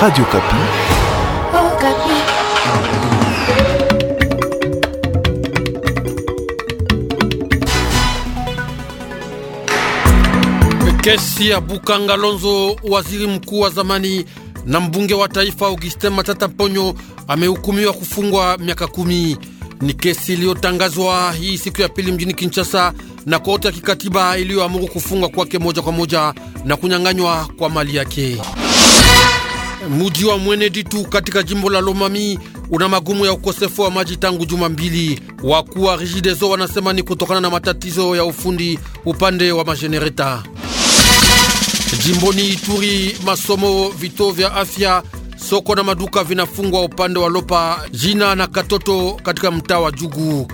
Radio Kapi. Oh, Kapi. Kesi ya Bukanga Lonzo, waziri mkuu wa zamani na mbunge wa taifa Augustin Matata Mponyo amehukumiwa kufungwa miaka kumi. Ni kesi iliyotangazwa hii siku ya pili mjini Kinshasa na korti ya kikatiba iliyoamuru kufungwa kwake moja kwa moja na kunyang'anywa kwa mali yake. Muji wa Mwenedi tu katika jimbo la Lomami una magumu ya ukosefu wa maji tangu juma mbili. Wakuu wa Rigidezo wanasema ni kutokana na matatizo ya ufundi upande wa majenereta. Jimboni Ituri, masomo, vituo vya afya, soko na maduka vinafungwa upande wa Lopa, Jina na Katoto katika mtaa wa Jugu.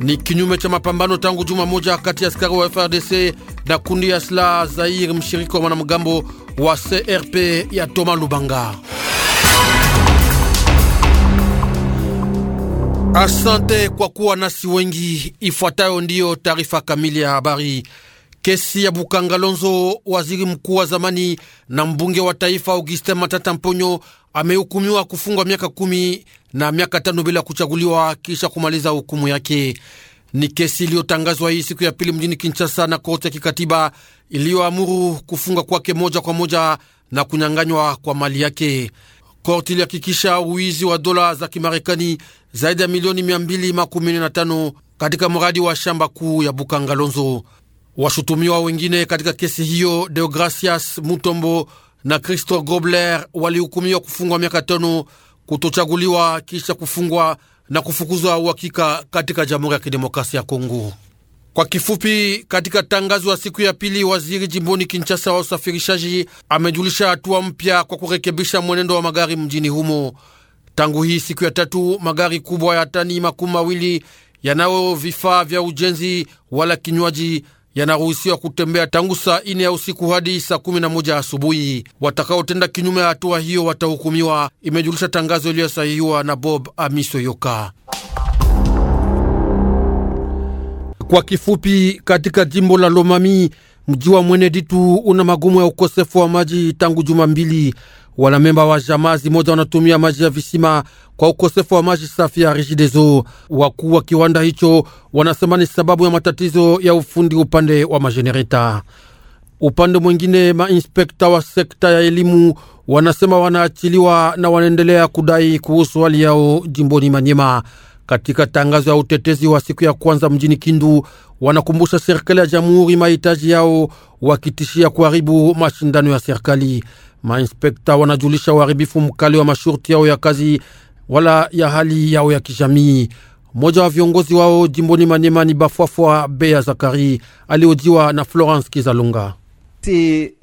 Ni kinyume cha mapambano tangu juma moja kati ya askari wa FRDC na kundi ya silaha Zaire, mshiriki wa mwanamgambo wa CRP ya Toma Lubanga. Asante kwa kuwa nasi wengi. Ifuatayo ndiyo taarifa kamili ya habari. Kesi ya Bukanga Lonzo, waziri mkuu wa zamani na mbunge wa taifa Augustin Matata Mponyo, amehukumiwa kufungwa miaka kumi na miaka tano bila kuchaguliwa kisha kumaliza hukumu yake. Ni kesi iliyotangazwa hii siku ya pili mjini Kinshasa na korti ya kikatiba iliyoamuru kufunga kwake moja kwa moja na kunyang'anywa kwa mali yake. Korti ilihakikisha uwizi wa dola za Kimarekani zaidi ya milioni 215 katika mradi wa shamba kuu ya Bukangalonzo. Washutumiwa wengine katika kesi hiyo, Deogracias Mutombo na Christo Gobler, walihukumiwa kufungwa miaka tano, kutochaguliwa kisha kufungwa na kufukuzwa uhakika katika Jamhuri ya Kidemokrasia ya Kongo. Kwa kifupi, katika tangazo ya siku ya pili, waziri jimboni Kinshasa wa usafirishaji amejulisha hatua mpya kwa kurekebisha mwenendo wa magari mjini humo. Tangu hii siku ya tatu, magari kubwa ya tani makumi mawili yanayo vifaa vya ujenzi wala kinywaji yanaruhusiwa kutembea tangu saa ine ya usiku hadi saa kumi na moja asubuhi. Watakaotenda kinyume ya hatua hiyo watahukumiwa, imejulisha tangazo iliyosahihiwa na Bob Amiso Yoka. Kwa kifupi, katika jimbo la Lomami mji wa Mweneditu una magumu ya ukosefu wa maji tangu juma mbili. Wanamemba wa jamaa zimoja wanatumia maji ya visima kwa ukosefu wa maji safi ya Regideso. Wakuu wa kiwanda hicho wanasema ni sababu ya matatizo ya ufundi upande wa majenereta. Upande mwingine, mainspekta wa sekta ya elimu wanasema wanaachiliwa na wanaendelea kudai kuhusu hali yao jimboni Manyema. Katika tangazo ya utetezi wa siku ya kwanza mjini Kindu, wanakumbusha serikali ya jamhuri mahitaji yao, wakitishia kuharibu mashindano ya serikali. Mainspekta wanajulisha uharibifu mkali wa masharti yao ya kazi wala ya hali yao ya kijamii. Mmoja wa viongozi wao jimboni Manyema ni Bafwafwa Beya Zakari alihojiwa na Florence Kizalunga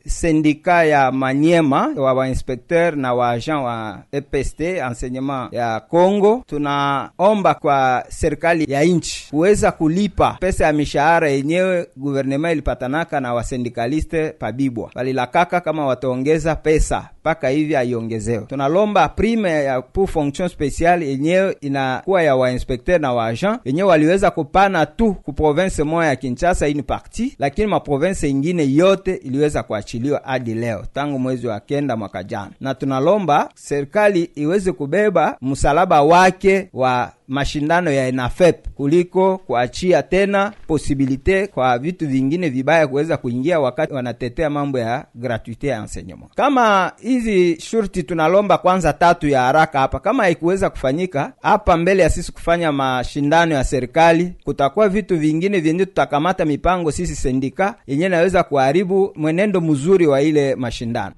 sendika ya Manyema wa wainspekteur na wa agent wa EPST enseignement ya Congo, tunaomba kwa serikali ya nchi kuweza kulipa pesa ya mishahara yenyewe guvernema ilipatanaka na wasendikaliste pabibwa walilakaka kama wataongeza pesa mpaka hivi aiongezewe. Tunalomba prime ya pour fonction speciale yenyewe inakuwa ya wainspekteur na wa agent yenyewe waliweza kupana tu ku province moja ya Kinshasa ini parti, lakini maprovince ingine yote iliweza kuachia kuachiliwa hadi leo tangu mwezi wa kenda mwaka jana, na tunalomba serikali iweze kubeba msalaba wake wa mashindano ya NFP kuliko kuachia tena posibilite kwa vitu vingine vibaya kuweza kuingia wakati wanatetea mambo ya gratuite ya enseignement. Kama hizi shurti tunalomba kwanza tatu ya haraka hapa, kama haikuweza kufanyika hapa mbele ya sisi kufanya mashindano ya serikali, kutakuwa vitu vingine vyenye tutakamata mipango sisi sendika yenye naweza kuharibu mwenendo mzuri wa ile mashindano.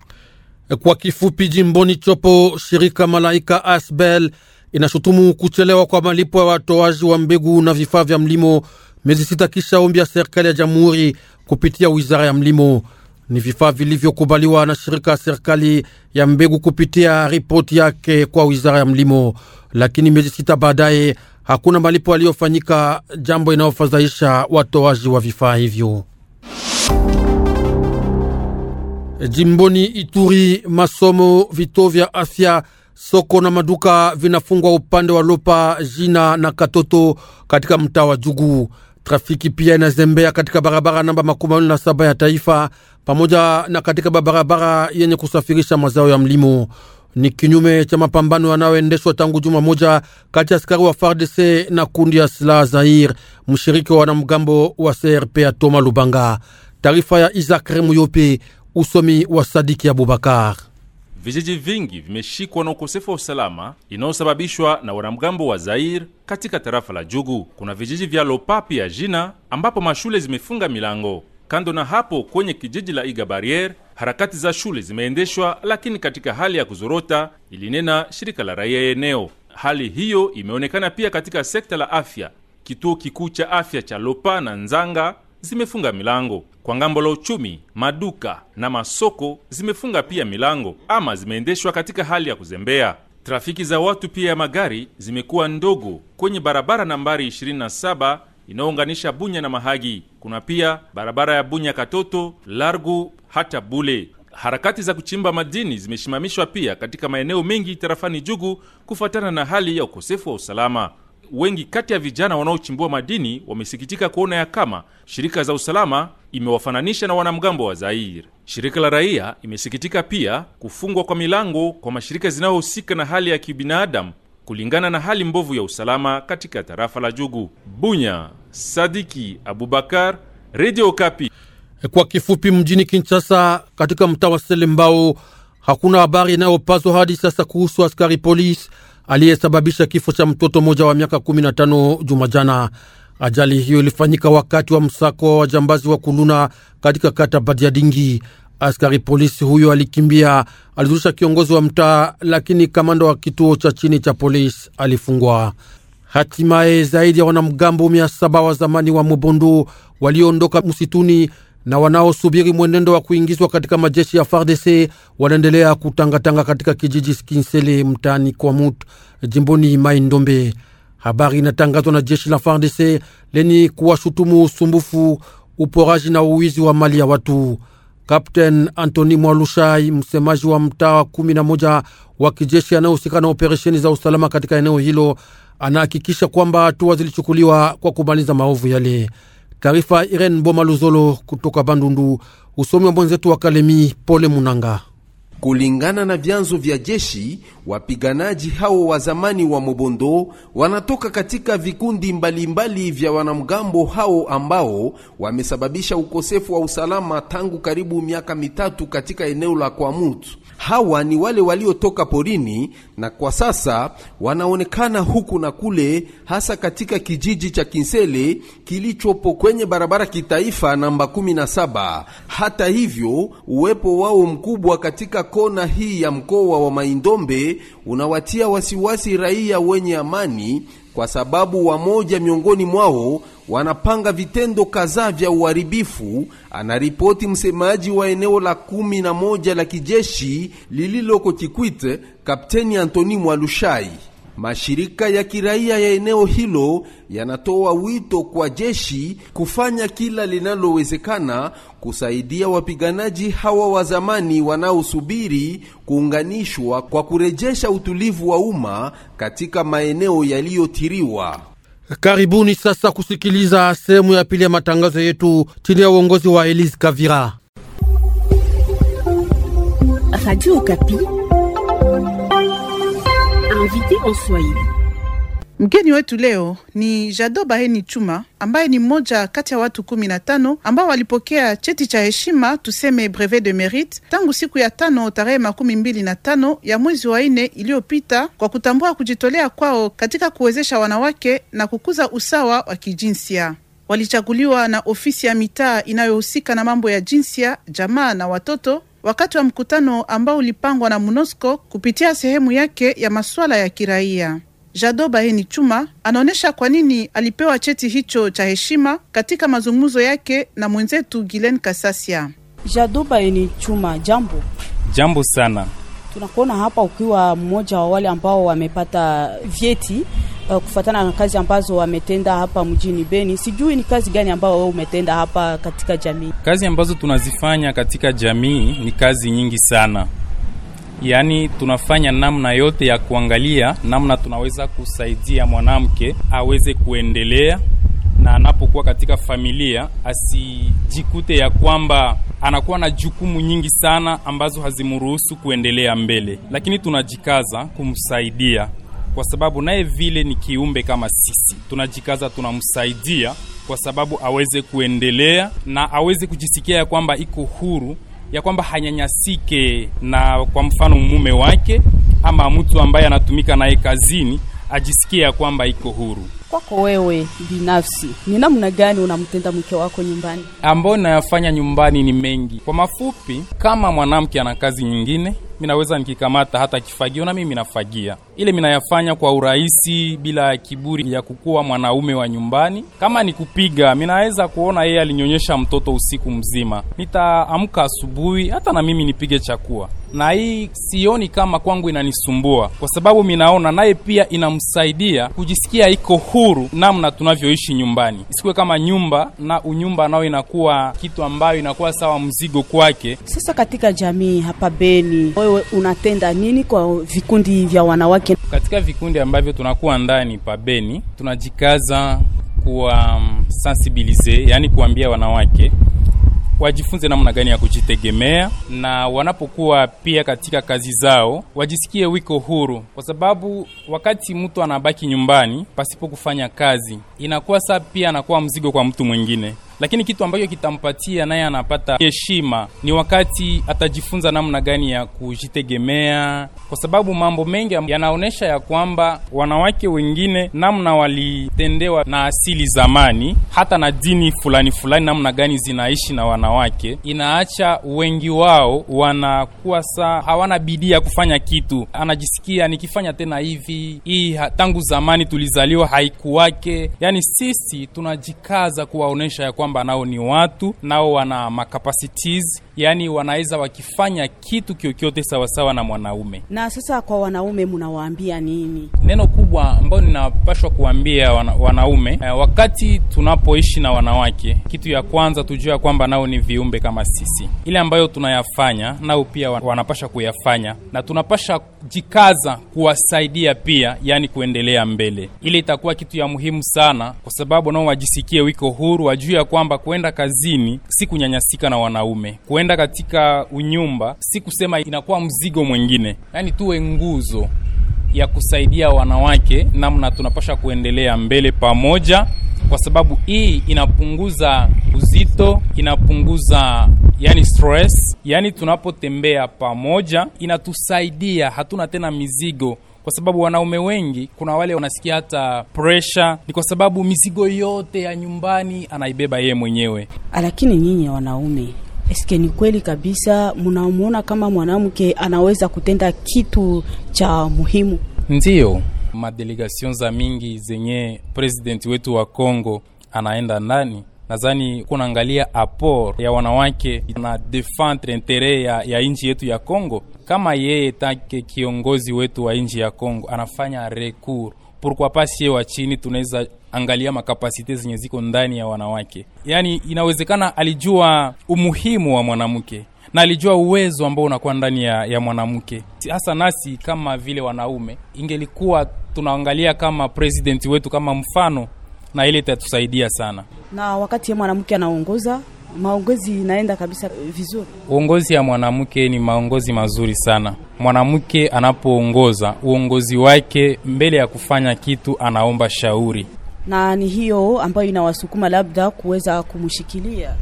Kwa kifupi, jimboni Chopo, shirika Malaika Asbel inashutumu kuchelewa kwa malipo ya watoaji wa mbegu na vifaa vya mlimo miezi sita kisha ombi ya serikali ya jamhuri kupitia wizara ya mlimo. Ni vifaa vilivyokubaliwa na shirika ya serikali ya mbegu kupitia ripoti yake kwa wizara ya mlimo, lakini miezi sita baadaye hakuna malipo yaliyofanyika, jambo inayofadhaisha watoaji wa vifaa hivyo. Jimboni Ituri, masomo, vituo vya afya Soko na maduka vinafungwa upande wa Lopa, Jina na Katoto katika mtaa wa Jugu. Trafiki pia inazembea katika barabara namba makumi mawili na saba ya taifa pamoja na katika barabara yenye kusafirisha mazao ya mlimo. Ni kinyume cha mapambano yanayoendeshwa tangu juma moja kati ya askari wa FARDC na kundi ya silaha Zair, mshiriki wa wanamgambo wa CRP ya Toma Lubanga. Taarifa ya Isak Remuyope, usomi wa Sadiki Abubakar vijiji vingi vimeshikwa na ukosefu wa usalama inayosababishwa na wanamgambo wa Zair katika tarafa la Jugu. Kuna vijiji vya Lopapi ya jina ambapo mashule zimefunga milango. Kando na hapo, kwenye kijiji la Iga Barriere harakati za shule zimeendeshwa, lakini katika hali ya kuzorota, ilinena shirika la raia ya eneo. Hali hiyo imeonekana pia katika sekta la afya. Kituo kikuu cha afya cha Lopa na Nzanga zimefunga milango. Kwa ngambo la uchumi, maduka na masoko zimefunga pia milango ama zimeendeshwa katika hali ya kuzembea. Trafiki za watu pia ya magari zimekuwa ndogo kwenye barabara nambari 27 inayounganisha Bunya na Mahagi. Kuna pia barabara ya Bunya Katoto, Largu hata Bule. Harakati za kuchimba madini zimesimamishwa pia katika maeneo mengi tarafani Jugu kufuatana na hali ya ukosefu wa usalama wengi kati ya vijana wanaochimbua madini wamesikitika kuona ya kama shirika za usalama imewafananisha na wanamgambo wa zair Shirika la raia imesikitika pia kufungwa kwa milango kwa mashirika zinayohusika na hali ya kibinadamu kulingana na hali mbovu ya usalama katika tarafa la Jugu. Bunya, Sadiki Abubakar, Radio Kapi. Kwa kifupi, mjini Kinshasa katika mtaa wa Selembao hakuna habari inayopazwa hadi sasa kuhusu askari polisi aliyesababisha kifo cha mtoto mmoja wa miaka 15 Jumajana. Ajali hiyo ilifanyika wakati wa msako wa wajambazi wa Kuluna katika kata Badiadingi. Askari polisi huyo alikimbia, alizulisha kiongozi wa mtaa, lakini kamanda wa kituo cha chini cha polisi alifungwa. Hatimaye zaidi ya wanamgambo mia saba wa zamani wa Mobondu walioondoka msituni na wanaosubiri mwenendo wa kuingizwa katika majeshi ya FARDC wanaendelea kutangatanga katika kijiji Kinsele mtaani Kwamut jimboni Mai Ndombe. Habari inatangazwa na jeshi la FARDC leni kuwashutumu usumbufu, uporaji na uwizi wa mali ya watu. Kapten Antony Mwalushai, msemaji wa mtaa wa kumi na moja wa kijeshi anayehusika na operesheni za usalama katika eneo hilo, anahakikisha kwamba hatua zilichukuliwa kwa kumaliza maovu yale. Taarifa Irene Bomaluzolo kutoka Bandundu, usomi wa mwenzetu wa Kalemi Pole Munanga. Kulingana na vyanzo vya jeshi, wapiganaji hao wa zamani wa Mobondo wanatoka katika vikundi mbalimbali mbali vya wanamgambo hao ambao wamesababisha ukosefu wa usalama tangu karibu miaka mitatu katika eneo la Kwamut. Hawa ni wale waliotoka porini na kwa sasa wanaonekana huku na kule, hasa katika kijiji cha Kinsele kilichopo kwenye barabara kitaifa namba 17. Hata hivyo, uwepo wao mkubwa katika kona hii ya mkoa wa Maindombe unawatia wasiwasi raia wenye amani, kwa sababu wamoja miongoni mwao wanapanga vitendo kadhaa vya uharibifu, anaripoti msemaji wa eneo la kumi na moja la kijeshi lililoko Kikwit, Kapteni Antoni Mwalushai. Mashirika ya kiraia ya eneo hilo yanatoa wito kwa jeshi kufanya kila linalowezekana kusaidia wapiganaji hawa wa zamani wanaosubiri kuunganishwa kwa kurejesha utulivu wa umma katika maeneo yaliyotiriwa. Karibuni sasa kusikiliza sehemu ya pili ya matangazo yetu chini ya uongozi wa Elise Kavira. Radio invité en Swahili. Mgeni wetu leo ni Jado Baheni Chuma ambaye ni mmoja kati ya watu kumi na tano ambao walipokea cheti cha heshima tuseme brevet de merite tangu siku ya tano tarehe makumi mbili na tano ya mwezi wa nne iliyopita kwa kutambua kujitolea kwao katika kuwezesha wanawake na kukuza usawa wa kijinsia. Walichaguliwa na ofisi ya mitaa inayohusika na mambo ya jinsia, jamaa na watoto wakati wa mkutano ambao ulipangwa na MONUSCO kupitia sehemu yake ya masuala ya kiraia. Jado Baheni Chuma anaonyesha kwa nini alipewa cheti hicho cha heshima katika mazungumzo yake na mwenzetu Gilen Kasasia. Jado Baheni Chuma, jambo. Jambo sana. Tunakuona hapa ukiwa mmoja wa wale ambao wamepata vyeti uh, eh, kufatana na kazi ambazo wametenda hapa mjini Beni. Sijui ni kazi gani ambao wewe umetenda hapa katika jamii? Kazi ambazo tunazifanya katika jamii ni kazi nyingi sana, yaani tunafanya namna yote ya kuangalia namna tunaweza kusaidia mwanamke aweze kuendelea na anapokuwa katika familia asijikute ya kwamba anakuwa na jukumu nyingi sana ambazo hazimruhusu kuendelea mbele, lakini tunajikaza kumsaidia kwa sababu naye vile ni kiumbe kama sisi, tunajikaza, tunamsaidia kwa sababu aweze kuendelea na aweze kujisikia ya kwamba iko huru, ya kwamba hanyanyasike, na kwa mfano mume wake ama mtu ambaye anatumika naye kazini ajisikie ya kwamba iko huru. Kwako wewe binafsi, ni namna gani unamtenda mke wako nyumbani? Ambayo ninayofanya nyumbani ni mengi. Kwa mafupi, kama mwanamke ana kazi nyingine, mi naweza nikikamata hata kifagio na mimi nafagia ile minayafanya kwa urahisi bila kiburi ya kukuwa mwanaume wa nyumbani. Kama ni kupiga, minaweza kuona yeye alinyonyesha mtoto usiku mzima, nitaamka asubuhi hata na mimi nipige chakua, na hii sioni kama kwangu inanisumbua, kwa sababu minaona naye pia inamsaidia kujisikia iko huru namna tunavyoishi nyumbani, isikuwe kama nyumba na unyumba nao inakuwa kitu ambayo inakuwa sawa mzigo kwake. Sasa katika jamii hapa Beni, wewe unatenda nini kwa vikundi vya wanawake wake. Katika vikundi ambavyo tunakuwa ndani pabeni, tunajikaza kuwa mm, sensibilize, yani kuambia wanawake wajifunze namna gani ya kujitegemea, na wanapokuwa pia katika kazi zao wajisikie wiko huru, kwa sababu wakati mtu anabaki nyumbani pasipo kufanya kazi, inakuwa saa pia anakuwa mzigo kwa mtu mwingine lakini kitu ambacho kitampatia naye anapata heshima ni wakati atajifunza namna gani ya kujitegemea, kwa sababu mambo mengi yanaonyesha ya kwamba wanawake wengine namna walitendewa na asili zamani, hata na dini fulani fulani, namna gani zinaishi na wanawake, inaacha wengi wao wanakuwa saa hawana bidii ya kufanya kitu, anajisikia nikifanya tena hivi, hii tangu zamani tulizaliwa haikuwake. Yani sisi tunajikaza kuwaonyesha ya kwamba kwamba nao ni watu, nao wana makapasitiz, yani wanaweza wakifanya kitu kyokyote sawasawa na mwanaume. Na sasa kwa wanaume mnawaambia nini? Neno kubwa ambayo ninapashwa kuambia wana, wanaume eh, wakati tunapoishi na wanawake, kitu ya kwanza tujua kwamba nao ni viumbe kama sisi, ile ambayo tunayafanya nao pia wanapasha kuyafanya, na tunapasha jikaza kuwasaidia pia, yani kuendelea mbele. Ile itakuwa kitu ya muhimu sana, kwa sababu nao wajisikie wiko huru, wajue ya kwamba kwamba kuenda kazini si kunyanyasika na wanaume, kuenda katika unyumba si kusema inakuwa mzigo mwingine. Yaani tuwe nguzo ya kusaidia wanawake, namna tunapasha kuendelea mbele pamoja, kwa sababu hii inapunguza uzito, inapunguza yani stress. Yani tunapotembea pamoja inatusaidia, hatuna tena mizigo kwa sababu wanaume wengi, kuna wale wanasikia hata pressure ni kwa sababu mizigo yote ya nyumbani anaibeba yeye mwenyewe. Lakini nyinyi wanaume Eske ni kweli kabisa mnamwona kama mwanamke anaweza kutenda kitu cha muhimu? Ndiyo, madelegation za mingi zenye presidenti wetu wa Kongo anaenda ndani, nadhani kunaangalia apor ya wanawake na defendre intere ya, ya nchi yetu ya Kongo kama yeye take kiongozi wetu wa nchi ya Kongo anafanya recours pourquoi pas, yeye wa chini tunaweza angalia makapasite zenye ziko ndani ya wanawake. Yaani inawezekana alijua umuhimu wa mwanamke na alijua uwezo ambao unakuwa ndani ya, ya mwanamke. Hasa nasi kama vile wanaume, ingelikuwa tunaangalia kama president wetu kama mfano, na ile itatusaidia sana, na wakati mwanamke anaongoza maongozi inaenda kabisa vizuri. Uongozi ya mwanamke ni maongozi mazuri sana. Mwanamke anapoongoza uongozi wake, mbele ya kufanya kitu anaomba shauri, na ni hiyo ambayo inawasukuma labda kuweza kumshikilia.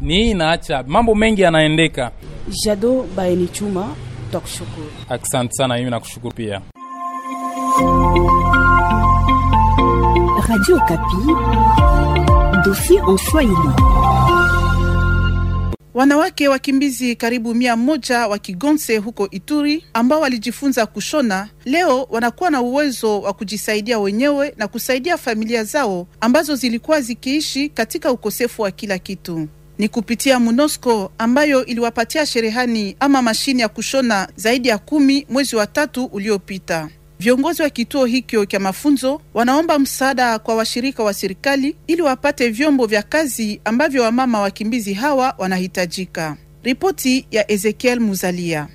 Ni inaacha mambo mengi yanaendeka. Jado Baeni Chuma, tutakushukuru. Asante sana, mimi nakushukuru pia. Radio Kapi, dossier en Swahili. Wanawake wakimbizi karibu mia moja wa Kigonse huko Ituri ambao walijifunza kushona leo wanakuwa na uwezo wa kujisaidia wenyewe na kusaidia familia zao ambazo zilikuwa zikiishi katika ukosefu wa kila kitu. Ni kupitia MONUSCO ambayo iliwapatia cherehani ama mashine ya kushona zaidi ya kumi mwezi wa tatu uliopita. Viongozi wa kituo hicho cha mafunzo wanaomba msaada kwa washirika wa serikali ili wapate vyombo vya kazi ambavyo wamama wakimbizi hawa wanahitajika. Ripoti ya Ezekiel Muzalia.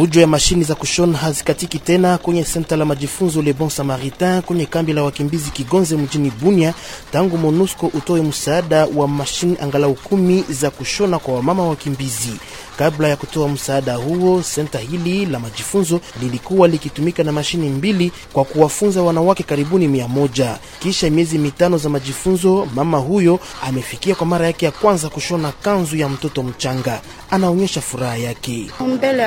Fujo ya mashini za kushona hazikatiki tena kwenye senta la majifunzo Le Bon Samaritain kwenye kambi la wakimbizi Kigonze mjini Bunia tangu MONUSCO utoe msaada wa mashini angalau kumi za kushona kwa wamama wakimbizi. Kabla ya kutoa msaada huo, senta hili la majifunzo lilikuwa likitumika na mashini mbili kwa kuwafunza wanawake karibuni mia moja. Kisha miezi mitano za majifunzo, mama huyo amefikia kwa mara yake ya kwanza kushona kanzu ya mtoto mchanga. Anaonyesha furaha yake mbele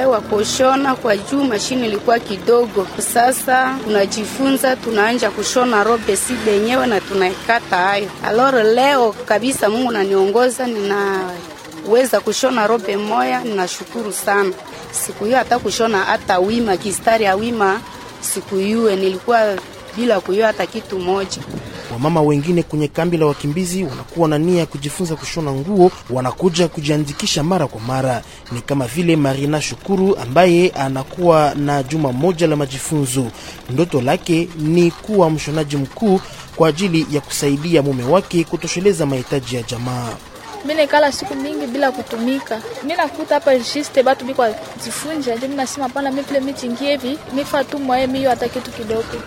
kutolewa kushona kwa juu, mashini ilikuwa kidogo. Sasa tunajifunza, tunaanja kushona robe si benyewe na tunaikata hayo. aloro leo kabisa Mungu naniongoza, ninaweza kushona robe moya, ninashukuru sana. Siku hiyo hata kushona hata wima kistari ya wima, siku hiyo nilikuwa bila kuyua hata kitu moja. Wamama wengine kwenye kambi la wakimbizi wanakuwa na nia ya kujifunza kushona nguo, wanakuja kujiandikisha mara kwa mara. Ni kama vile Marina Shukuru ambaye anakuwa na juma moja la majifunzo. Ndoto lake ni kuwa mshonaji mkuu kwa ajili ya kusaidia mume wake kutosheleza mahitaji ya jamaa. Mimi nikala siku mingi bila kutumika. Mimi nakuta hapa juste batu biko zifunja, ndio mimi nasema hapana, mimi michingie hivi, mifa tu mwae mimi hata kitu kidogo.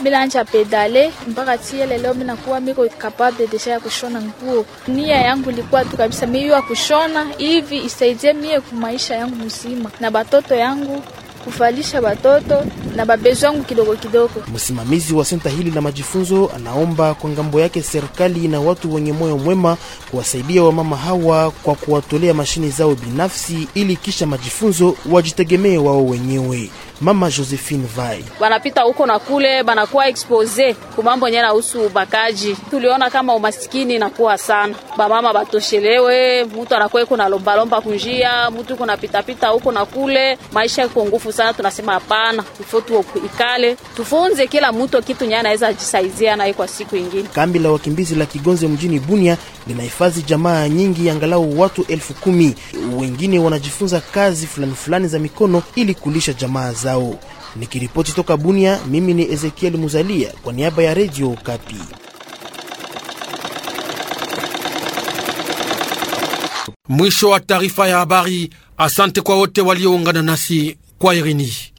milanja naanza pedale mpaka tiele leo mimi nakuwa miko capable desha ya kushona nguo. Nia yangu ilikuwa tu kabisa mimi wa kushona hivi isaidie mie kwa maisha yangu mzima na batoto yangu kuvalisha watoto na babezwangu kidogo kidogo. Msimamizi wa senta hili la majifunzo anaomba kwa ngambo yake serikali na watu wenye moyo mwema kuwasaidia wamama hawa kwa kuwatolea mashine zao binafsi, ili kisha majifunzo wajitegemee wao wenyewe. Mama Josephine Vai. Banapita huko na kule, banakuwa expose ku mambo yenye nahusu bakaji. Tuliona kama umasikini inakuwa sana, bamama batoshelewe, mtu anakuwa iko na lombalomba kunjia, mtu kuna pitapita huko na kule, maisha iko ngufu sana. Tunasema hapana, ifo tuikale tufunze kila mtu kitu yenye anaweza jisaizia naye kwa siku ingine. Kambi la wakimbizi la Kigonze mjini Bunia linahifadhi jamaa nyingi, angalau watu elfu kumi. Wengine wanajifunza kazi fulani fulani za mikono ili kulisha jamaa za zao. Nikiripoti toka Bunia, mimi ni Ezekiel Muzalia kwa niaba ya Redio Kapi. Mwisho wa taarifa ya habari. Asante kwa wote walioungana nasi kwa Irini.